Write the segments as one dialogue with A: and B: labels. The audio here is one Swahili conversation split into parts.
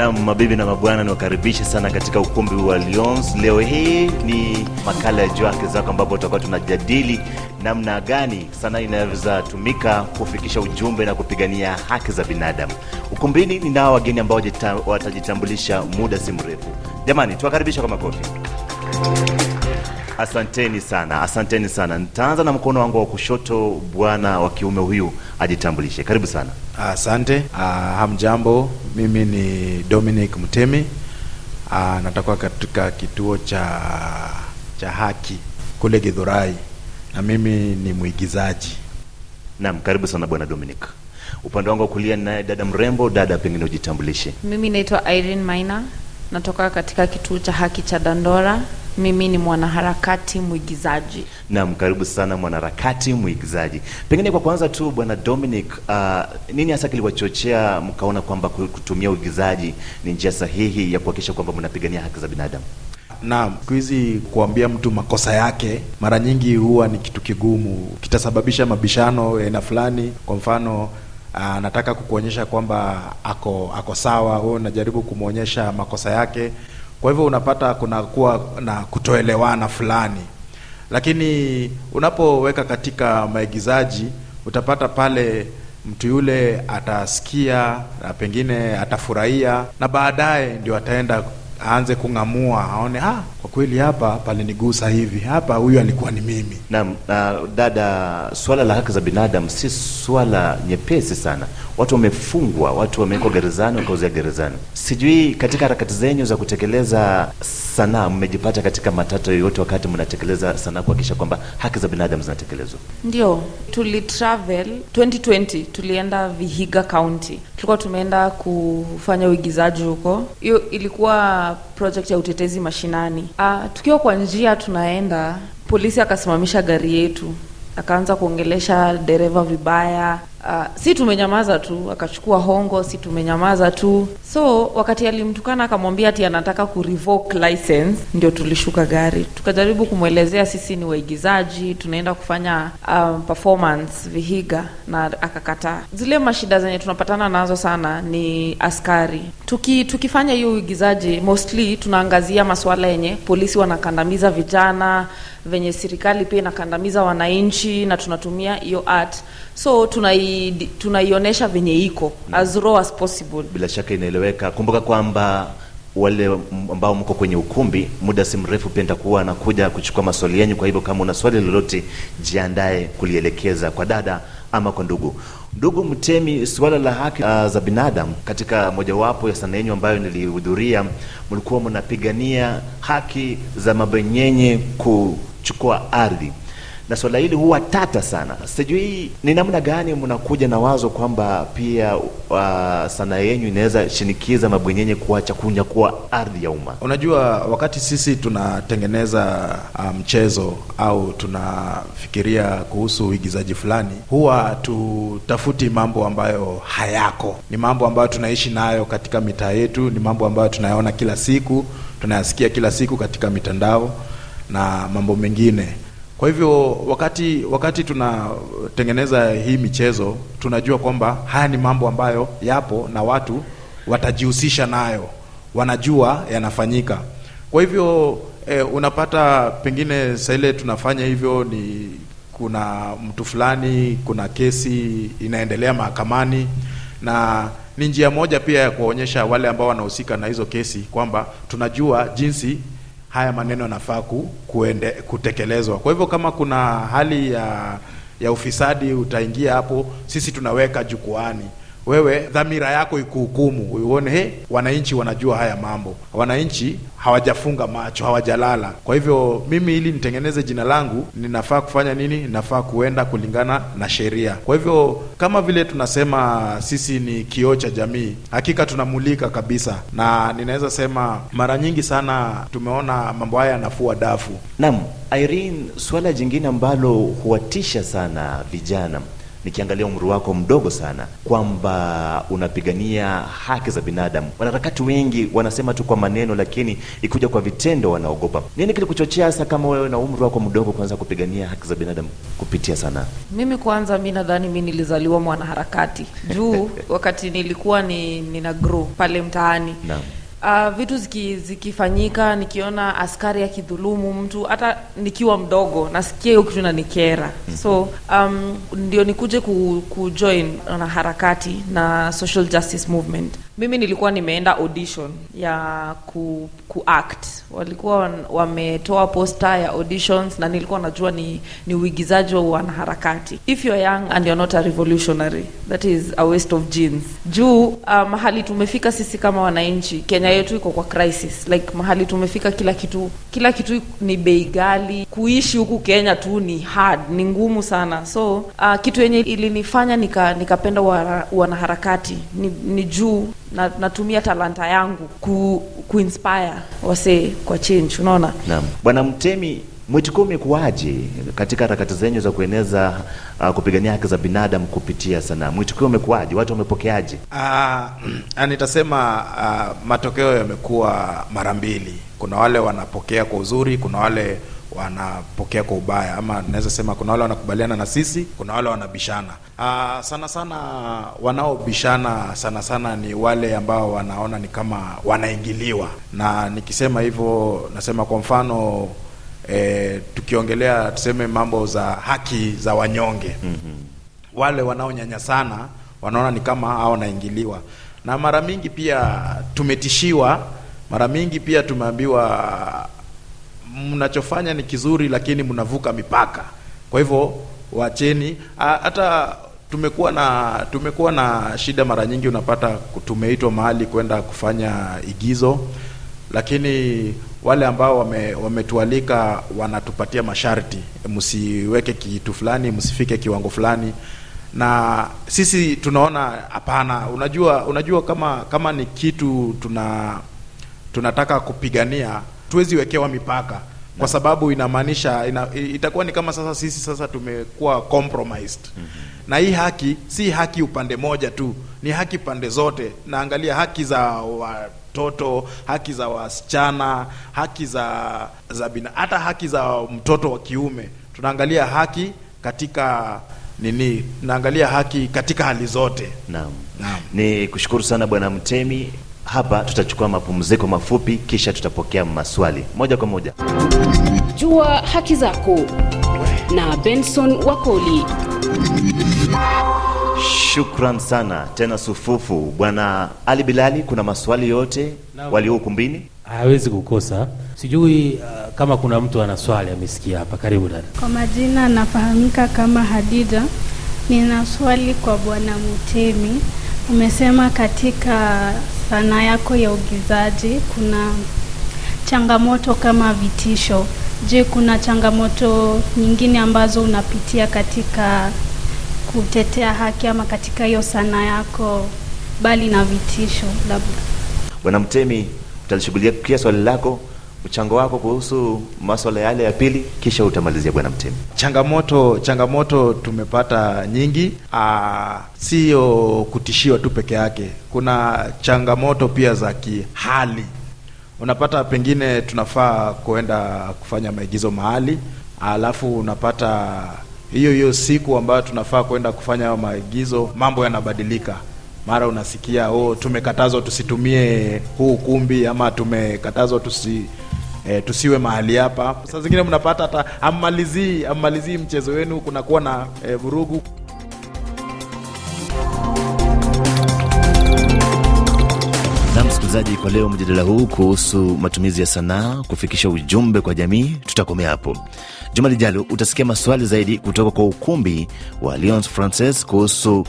A: Na mabibi na mabwana, niwakaribishe sana katika ukumbi wa Lions. Leo hii ni makala ya Jua Haki Zako, ambapo tutakuwa tunajadili namna gani sanaa inaweza tumika kufikisha ujumbe na kupigania haki za binadamu. Ukumbini ninao wageni ambao watajitambulisha muda si mrefu. Jamani, tuwakaribisha kwa makofi. Asanteni sana, asanteni sana. Nitaanza na mkono wangu wa kushoto, bwana wa kiume huyu ajitambulishe. Karibu sana. Asante. Uh,
B: hamjambo, mimi ni Dominic Mtemi. Uh, ah, natakuwa katika kituo cha cha haki kule Githurai na mimi ni mwigizaji. Naam, karibu sana bwana Dominic.
A: Upande wangu wa kulia ninaye dada mrembo. Dada, pengine ujitambulishe.
C: Mimi naitwa Irene Maina, natoka katika kituo cha haki cha Dandora mimi ni mwanaharakati mwigizaji.
A: Naam, karibu sana mwanaharakati mwigizaji. Pengine kwa kwanza tu Bwana Dominic, uh, nini hasa kiliwachochea mkaona kwamba kutumia uigizaji ni njia sahihi ya kuhakikisha kwamba mnapigania haki za binadamu?
B: Naam, siku hizi kuambia mtu makosa yake mara nyingi huwa ni kitu kigumu, kitasababisha mabishano aina fulani. Kwa mfano anataka uh, kukuonyesha kwamba ako ako sawa, wewe unajaribu kumwonyesha makosa yake kwa hivyo unapata kunakuwa na kutoelewana fulani, lakini unapoweka katika maigizaji utapata pale mtu yule atasikia na pengine atafurahia na baadaye ndio ataenda aanze kung'amua, aone ah, kwa kweli hapa palinigusa hivi, hapa huyu alikuwa ni mimi. Na, Na
A: dada, swala la haki za binadamu si swala nyepesi sana. Watu wamefungwa, watu wamewekwa gerezani, wakauzia gerezani. Sijui katika harakati zenyu za kutekeleza sanaa, mmejipata katika matatizo yoyote wakati mnatekeleza sanaa kuhakikisha kwamba haki za binadamu zinatekelezwa?
C: Ndio, travel 2020 tulienda Vihiga County, tulikuwa tumeenda kufanya uigizaji huko. Hiyo ilikuwa project ya utetezi mashinani. Ah, tukiwa kwa njia tunaenda, polisi akasimamisha gari yetu akaanza kuongelesha dereva vibaya, Uh, si tumenyamaza tu, akachukua hongo, si tumenyamaza tu. So wakati alimtukana akamwambia ati anataka ku revoke license, ndio tulishuka gari tukajaribu kumwelezea sisi ni waigizaji, tunaenda kufanya um, performance Vihiga, na akakataa. Zile mashida zenye tunapatana nazo sana ni askari. Tuki, tukifanya hiyo uigizaji mostly tunaangazia masuala yenye polisi wanakandamiza vijana venye serikali pia inakandamiza wananchi na tunatumia hiyo art so tunaionyesha tuna venye iko mm.
A: as raw as possible bila shaka inaeleweka kumbuka kwamba wale ambao mko kwenye ukumbi, muda si mrefu pia nitakuwa nakuja kuchukua maswali yenu. Kwa hivyo kama una swali lolote, jiandae kulielekeza kwa dada ama kwa ndugu. Ndugu Mtemi, suala la haki uh, za binadamu katika mojawapo ya sana yenu ambayo nilihudhuria, mlikuwa mnapigania haki za mabenyenye ku kuchukua ardhi, na swala hili huwa tata sana. Sijui ni namna gani mnakuja na wazo kwamba pia uh, sanaa yenyu inaweza shinikiza mabwenyenye kuacha kunyakua ardhi ya umma.
B: Unajua, wakati sisi tunatengeneza uh, mchezo um, au tunafikiria kuhusu uigizaji fulani, huwa tutafuti mambo ambayo hayako, ni mambo ambayo tunaishi nayo katika mitaa yetu, ni mambo ambayo tunayaona kila siku, tunayasikia kila siku katika mitandao na mambo mengine. Kwa hivyo wakati wakati tunatengeneza hii michezo, tunajua kwamba haya ni mambo ambayo yapo na watu watajihusisha nayo, wanajua yanafanyika. Kwa hivyo e, unapata pengine saa ile tunafanya hivyo ni kuna mtu fulani, kuna kesi inaendelea mahakamani, na ni njia moja pia ya kuwaonyesha wale ambao wanahusika na hizo kesi kwamba tunajua jinsi haya maneno yanafaa kuende kutekelezwa. Kwa hivyo kama kuna hali ya ya ufisadi utaingia hapo, sisi tunaweka jukwani wewe dhamira yako ikuhukumu, uone he, wananchi wanajua haya mambo, wananchi hawajafunga macho, hawajalala. Kwa hivyo mimi, ili nitengeneze jina langu, ninafaa kufanya nini? Ninafaa kuenda kulingana na sheria. Kwa hivyo kama vile tunasema sisi ni kioo cha jamii, hakika tunamulika kabisa, na ninaweza sema mara nyingi sana tumeona mambo haya yanafua dafu. Naam, Irene, suala jingine ambalo huwatisha
A: sana vijana nikiangalia umri wako mdogo sana kwamba unapigania haki za binadamu. Wanaharakati wengi wanasema tu kwa maneno, lakini ikuja kwa vitendo wanaogopa. Nini kilikuchochea hasa kama wewe na umri wako mdogo kuanza kupigania haki za binadamu kupitia sanaa?
C: Mimi kwanza, mi nadhani mi nilizaliwa mwanaharakati juu wakati nilikuwa ni nina grow pale mtaani Uh, vitu ziki, zikifanyika nikiona askari akidhulumu mtu hata nikiwa mdogo nasikia hiyo kitu nanikera so um, ndio nikuje ku, kujoin na harakati na social justice movement mimi nilikuwa nimeenda audition ya ku, ku act. Walikuwa wametoa poster ya auditions na nilikuwa najua ni, ni uigizaji wa wanaharakati. If you're young and you're not a revolutionary, that is a waste of genes. Juu ah, mahali tumefika sisi kama wananchi, Kenya yetu iko kwa crisis. Like mahali tumefika, kila kitu kila kitu ni bei gali kuishi huku Kenya tu ni hard, ni ngumu sana. So uh, kitu yenye ilinifanya nikapenda nika wanaharakati ni, ni juu na, natumia talanta yangu ku, kuinspire
A: wasee kwa change unaona. Naam. Bwana Mtemi, mwitikio umekuwaje katika harakati zenyu za kueneza uh, kupigania haki za binadamu kupitia sanaa? Mwitikio umekuwaje? Watu wamepokeaje?
B: Uh, nitasema uh, matokeo yamekuwa mara mbili. Kuna wale wanapokea kwa uzuri, kuna wale wanapokea kwa ubaya, ama naweza sema kuna wale wanakubaliana na sisi, kuna wale wanabishana. Aa, ah, sana sana wanaobishana sana sana ni wale ambao wanaona ni kama wanaingiliwa, na nikisema hivyo nasema kwa mfano e, tukiongelea tuseme mambo za haki za wanyonge
A: mm -hmm.
B: wale wanaonyanyasana wanaona ni kama hao wanaingiliwa, na mara mingi pia tumetishiwa, mara mingi pia tumeambiwa mnachofanya ni kizuri, lakini mnavuka mipaka. Kwa hivyo wacheni. Hata tumekuwa na tumekuwa na shida mara nyingi, unapata tumeitwa mahali kwenda kufanya igizo, lakini wale ambao wame, wametualika wanatupatia masharti, msiweke kitu fulani, msifike kiwango fulani na sisi tunaona hapana. Unajua, unajua kama kama ni kitu tuna tunataka kupigania tuwezi wekewa mipaka kwa sababu inamaanisha ina, itakuwa ni kama sasa sisi sasa tumekuwa compromised mm -hmm. na hii haki si haki upande moja tu, ni haki pande zote. Naangalia haki za watoto, haki za wasichana, haki za za bina, hata haki za mtoto wa kiume. Tunaangalia haki katika nini, naangalia haki katika hali zote.
A: Naam, naam. Ni kushukuru sana Bwana Mtemi. Hapa tutachukua mapumziko mafupi, kisha tutapokea maswali moja kwa moja.
C: Jua haki zako na Benson Wakoli.
A: Shukran sana tena sufufu, bwana Ali Bilali. Kuna maswali yote walio ukumbini hawezi kukosa.
B: Sijui uh, kama kuna mtu ana swali amesikia hapa. Karibu dada.
C: Kwa majina anafahamika kama Hadija. Nina swali kwa bwana Mutemi. Umesema katika sanaa yako ya uigizaji kuna changamoto kama vitisho. Je, kuna changamoto nyingine ambazo unapitia katika kutetea haki ama katika hiyo sanaa yako bali na vitisho labda?
A: Bwana Mtemi, utalishughulikia swali lako mchango wako kuhusu maswala yale ya pili, kisha utamalizia bwana Mtemi.
B: Changamoto changamoto tumepata nyingi, ah, sio kutishiwa tu peke yake, kuna changamoto pia za kihali. Unapata pengine tunafaa kuenda kufanya maigizo mahali, alafu unapata hiyo hiyo siku ambayo tunafaa kwenda kufanya maigizo, mambo yanabadilika mara unasikia oh, tumekatazwa tusitumie huu ukumbi ama tumekatazwa tusi E, tusiwe mahali hapa. Saa zingine mnapata hata ammalizii ammalizii mchezo wenu, kunakuwa na e, vurugu.
A: Na msikilizaji, kwa leo mjadala huu kuhusu matumizi ya sanaa kufikisha ujumbe kwa jamii tutakomea hapo. Juma lijalo utasikia maswali zaidi kutoka kwa ukumbi wa Alliance frances kuhusu uh,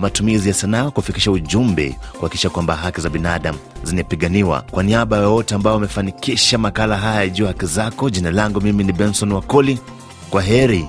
A: matumizi ya sanaa kufikisha ujumbe, kuhakikisha kwamba haki za binadamu zinapiganiwa. Kwa niaba ya wote ambao wamefanikisha makala haya juu haki zako, jina langu mimi ni Benson Wakoli. Kwa heri.